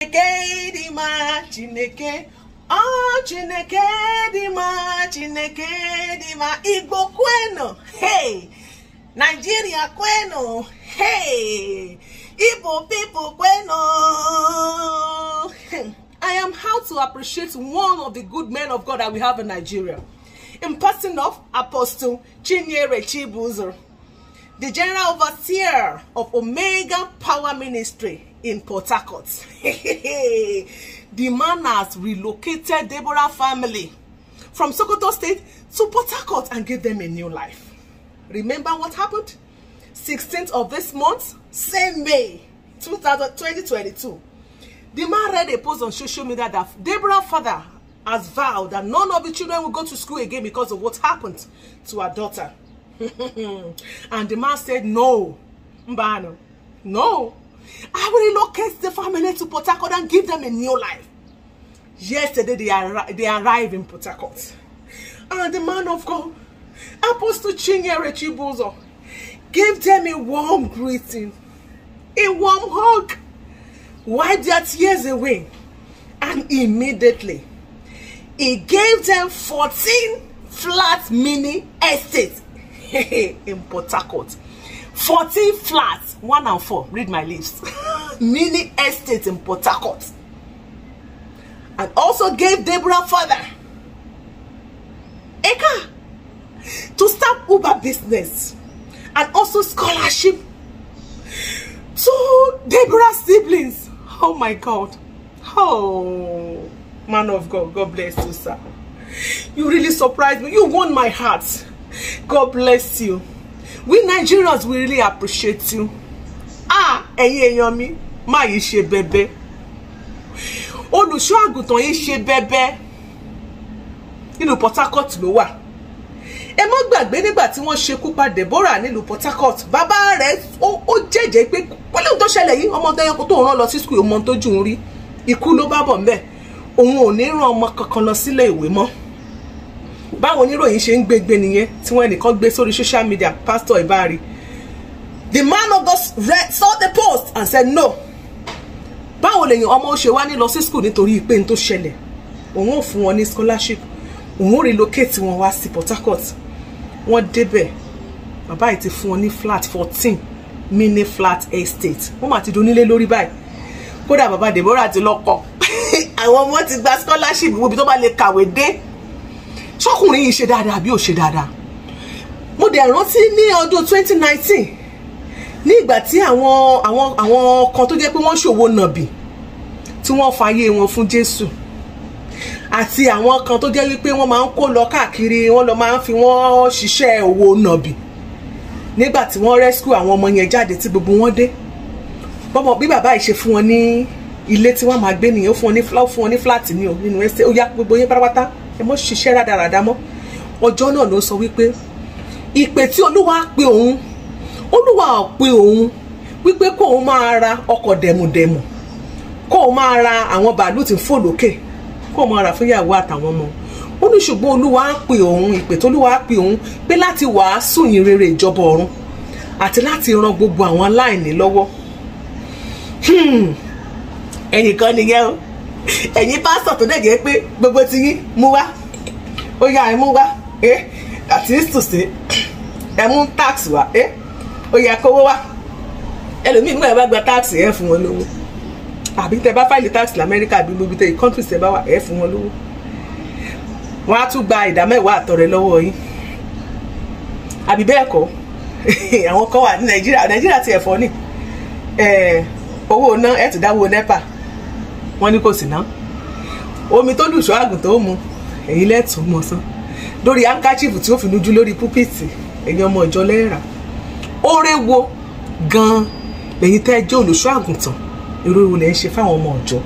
chineke dị Ma, chineke ọ chineke dị Ma, chineke dị Ma, igbo kwenu hey naijiria kwenu hey igbo pipo kwenu hmm. i am how to appreciate one of the good men of god that we have in nigeria in person of apostle chinyere chibuzo the general overseer of omega power ministry in Port Harcourt. the man has relocated Deborah family from Sokoto State to Port Harcourt and gave them a new life. Remember what happened? 16th of this month, same May 2022. The man read a post on social media that Deborah's father has vowed that none of the children will go to school again because of what happened to her daughter. and the man said, no, Mbano, no, I will relocate the family to Port Harcourt and give them a new life. Yesterday, they, arri they arrived in Port Harcourt. And the man of God, Apostle Chinyere Chibuzo, gave them a warm greeting, a warm hug, wiped their tears away, and immediately he gave them 14 flat mini estates in Port Harcourt fourteen flats one and four read my list. mini estate in port harcourt and also gave deborah father a to start uber business and also scholarship to deborah's siblings oh my god oh man of god god bless you sir you really surprised me you won my heart god bless you we Nigerians we really appreciate you ah ẹ̀yin èèyàn mi ma yìí ṣe bẹ̀bẹ̀ olùṣọ́ àgùntàn yìí ṣe bẹ̀bẹ̀ nínú Port Harcourt wa. wà ẹ mọ́ gbàgbé nígbà tí wọ́n ṣekú pa Deborah nílùú Port Harcourt bàbá rẹ̀ o jẹ́jẹ́ pé pọ́lẹ́hùn tó ṣẹlẹ̀ yìí ọmọ ọdún ẹyọkọ tó ń rán lọ sí skul ọmọ tó jù ń rí ikú ló bá bọ̀ ń bẹ̀ òun ò ní rán kankan lọ sílé ìwé mọ́ báwọn oníròyìn ṣe ń gbégbé nìyẹn tí wọ́n ẹnìkan gbé sórí social media pastor ibari the man of God read, saw the post and said no báwo lèyìn ọmọ ó ṣe wá ní lọ sí school nítorí pé n tó ṣẹlẹ̀ òun ò fún wọn ní scholarship òun ò relocate wọn wá sí Port Harcourt wọ́n débẹ̀ bàbá yìí ti fún wọn ní flat fourteen mini flat estate wọ́n mà ti donílé lórí báyìí kódà bàbá Deborah ti lọ́kọ àwọn ọmọ ti gba scholarship gbogbo ibi tó bá lè kàwé dé sọkùnrin yìí ṣe dáadáa àbí ò ṣe dáadáa mo dẹ̀ rántí ní ọdún 2019 ní ìgbà tí àwọn àwọn àwọn kan tó jẹ́ pé wọ́n ṣòwò nàbì tí wọ́n fàyè wọn fún Jésù àti àwọn kan tó jẹ́ wípé wọ́n máa ń kó lọ káàkiri wọ́n lọ máa ń fi wọ́n ṣiṣẹ́ owó nàbì nígbà tí wọ́n rescue àwọn ọmọ yẹn jáde tí gbogbo wọn dé bọ́mọ bí bàbá yìí ṣe fún wọn ní ilé tí wọ́n máa gbé nìyẹn ó fún wọn ní fúláàtì ní o nínú ẹsẹ̀ ó yá gbogbo yín pátápátá ẹ mọ́ ṣiṣẹ́ rádaràda mọ́ ọjọ́ náà ló sọ wípé ìpè tí olúwa pe òun olúwa ò pe òun wípé kó òun máa ra ọkọ̀ dẹ̀mùdẹ̀mù kó òun máa ra àwọn bàálù tí ń fò lókè kó òun máa ra fúnyàwó àtàwọn ọmọ ó ní ṣùgbọ́n olúwa á pe òun ìpè tó olúwa á pe òun pé láti wàásù yìn rere ìjọba ọ̀run àti láti ran gbogbo àwọn aláìní lọ́wọ́ hmm. ẹ̀yìn kan nìyẹn o ẹ̀yin pásítọ̀ tó dẹ̀ jẹ́ pé gbogbo ti yín mú wá ó yá ẹ mú wá ẹ àti ìtùsí ẹ mú tax wá ẹ eh? ó yá kówó wá ẹlòmíì mú ẹ bá gba tax ẹ fún wọn lówó àbí tẹ bá fáìlì tax lamẹ́ríkà àbí gbogbo tẹ country tẹ bá wà ẹ fún wọn lówó wọn á tún gba ìdá mẹ́wàá àtọrẹ lọ́wọ́ yín àbí bẹ́ẹ̀ kọ́ àwọn kan wà ní nàìjíríà nàìjíríà ti ẹ̀fọ́ ni eh, owó ná ẹ̀ tún dáwó nepa wọ́n ní kò sí náà omi tó lùṣọ́ àgùntàn ó mu èyí lẹ́tùn mọ̀ sán lórí hankachief tí ó fi nujú lórí púpìtì ẹ̀yin ọmọ ìjọ lẹ́ẹ̀rà oore wo gan-an lẹ́yìn tẹ́ jẹ́ olùṣọ́ àgùntàn irú wo lẹ́ ń ṣe fáwọn ọmọ ìjọ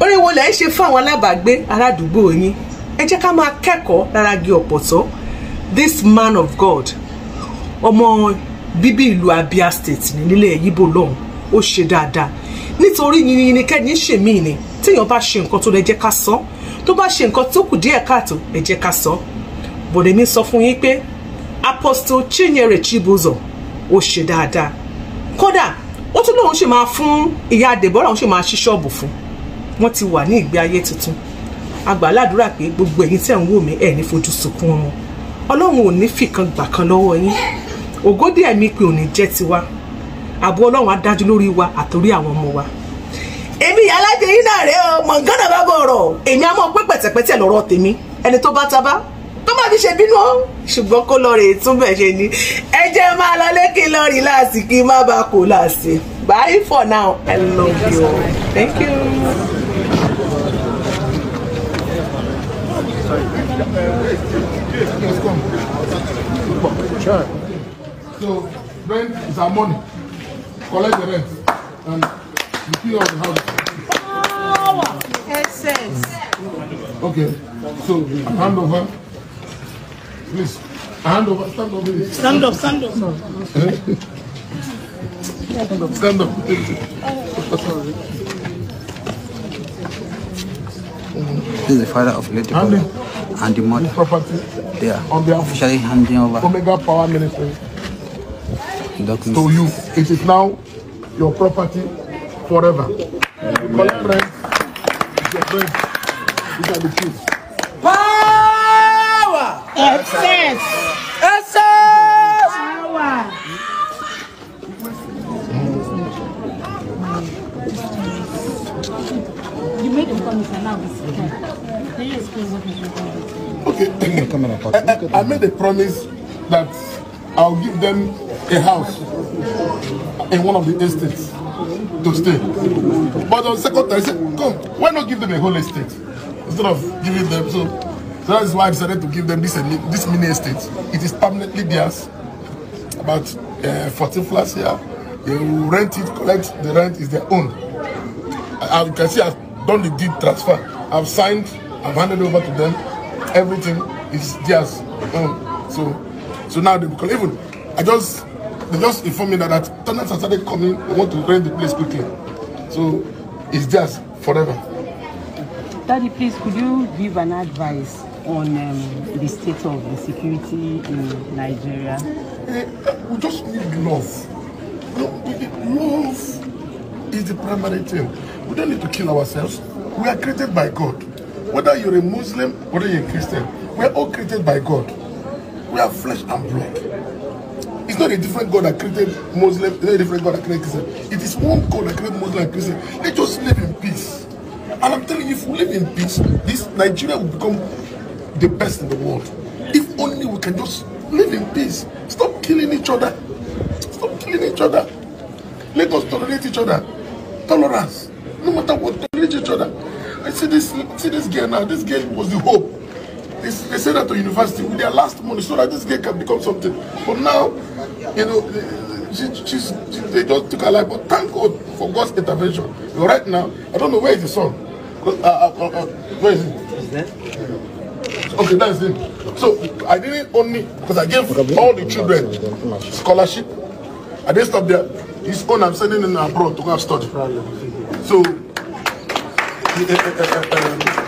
oore wo lẹ́ ń ṣe fáwọn alábàágbé aládùúgbò yín ẹ jẹ́ ká máa kẹ́kọ̀ọ́ lára gi ọ̀pọ̀tọ́ this man of God ọmọ bíbí ìlú Abia State nílẹ̀ yíbò lọ́hùn ó ṣe dáadáa nítorí yìnyín kẹ́ni ṣèmí ni téèyàn bá ṣe nǹkan tó lè jẹ́ ká sọ tó bá ṣe nǹkan tó kù díẹ̀ káàtó lè jẹ́ ká sọ bọ̀dẹ̀mí sọ fún yín pé apostle Chinyere Chibuzor ó ṣe dáadáa kódà ó tún lóun ṣe máa fún ìyá Deborah òun ṣe máa ṣí ṣọ́ọ̀bù fún wọ́n ti wà ní ìgbé ayé tuntun agbàládùra pé gbogbo ẹ̀yin tẹ̀ ń wò mí ẹ̀ ní fojú sunkún wọn ọlọ́run ò ní fìkan gbà kan lọ́wọ́ yín ògódì ẹ̀mí pé ò jẹ́ tiwa àbò ọlọ́run á dájú lórí wa àtòrí àwọn ọmọ wa èmi alájẹ yín náà rèé o mọ̀ngánà bá bọ̀ ọ̀rọ̀ èmi á mọ̀ pé pẹ̀tẹ̀pẹ̀tẹ̀ lọ́rọ̀ tèmi ẹni tó bá ta bá tó má fi ṣe bínú o ṣùgbọ́n kó lọ rè tún bẹ̀ ṣe ni ẹ jẹ́ máa lọ lékè lọ láàsì kí má bàa kó láàsì bye for now i love you thank you. So, when is our money? collect the rent and the key of the house. Power! Essence. Okay, so hand over. Please, hand over. Stand up, please. Stand up, stand up. Eh? stand up, stand up. Sorry. This is the father of Lady and the mother. Property. They are officially handing over. Omega Power Ministry. That is to you. It is now your property forever. It's your friend. These are the Power! Excess! Excess! Power! You made him come and now Can you explain what he's doing? Okay. I made a promise that I'll give them a house in one of the estates to stay. But on second time, I said, come, why not give them a whole estate instead of giving them? So, so that is why I decided to give them this, this mini estate. It is permanently theirs, about uh, 14 flats here. They will rent it, collect the rent is their own. As you can see, I've done the deed transfer. I've signed, I've handed over to them. Everything is theirs. Um, so So now they will even I just they just informed me that, that tenants have started coming, they want to rent the place quickly. So it's just forever. Daddy, please, could you give an advice on um, the state of the security in Nigeria? Uh, we just need love. Love is the primary thing. We don't need to kill ourselves. We are created by God. Whether you're a Muslim, whether you're a Christian, we're all created by God we are flesh and blood. It's not a different God that created Muslim, it's not a different God that created Christian. It is one God that created Muslim and Christian. Let us live in peace. And I'm telling you, if we live in peace, this Nigeria will become the best in the world. If only we can just live in peace. Stop killing each other. Stop killing each other. Let us tolerate each other. Tolerance. No matter what, tolerate each other. I see this see this girl now. This girl was the hope they, they send her to university with their last money so that this girl can become something. But now, you know, she, she's, she, they just took her life. But thank God for God's intervention. But right now, I don't know where is the son. Uh, uh, uh, uh, where is he? Okay, that's is him. So I didn't only because I gave all the children scholarship. I didn't stop there. His own I'm sending him abroad to go study. So. Uh, uh, uh, uh,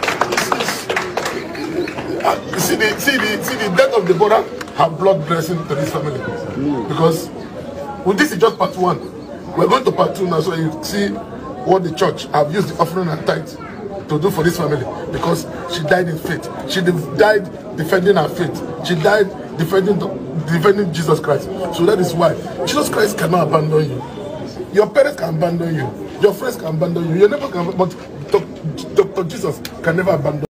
uh, see the see the see the death of the brother have blood blessing to this family because well, this is just part one we're going to part two now so you see what the church have used the offering and tithe to do for this family because she died in faith she died defending her faith she died defending defending jesus christ so that is why jesus christ cannot abandon you your parents can abandon you your friends can abandon you your neighbor can but dr jesus can never abandon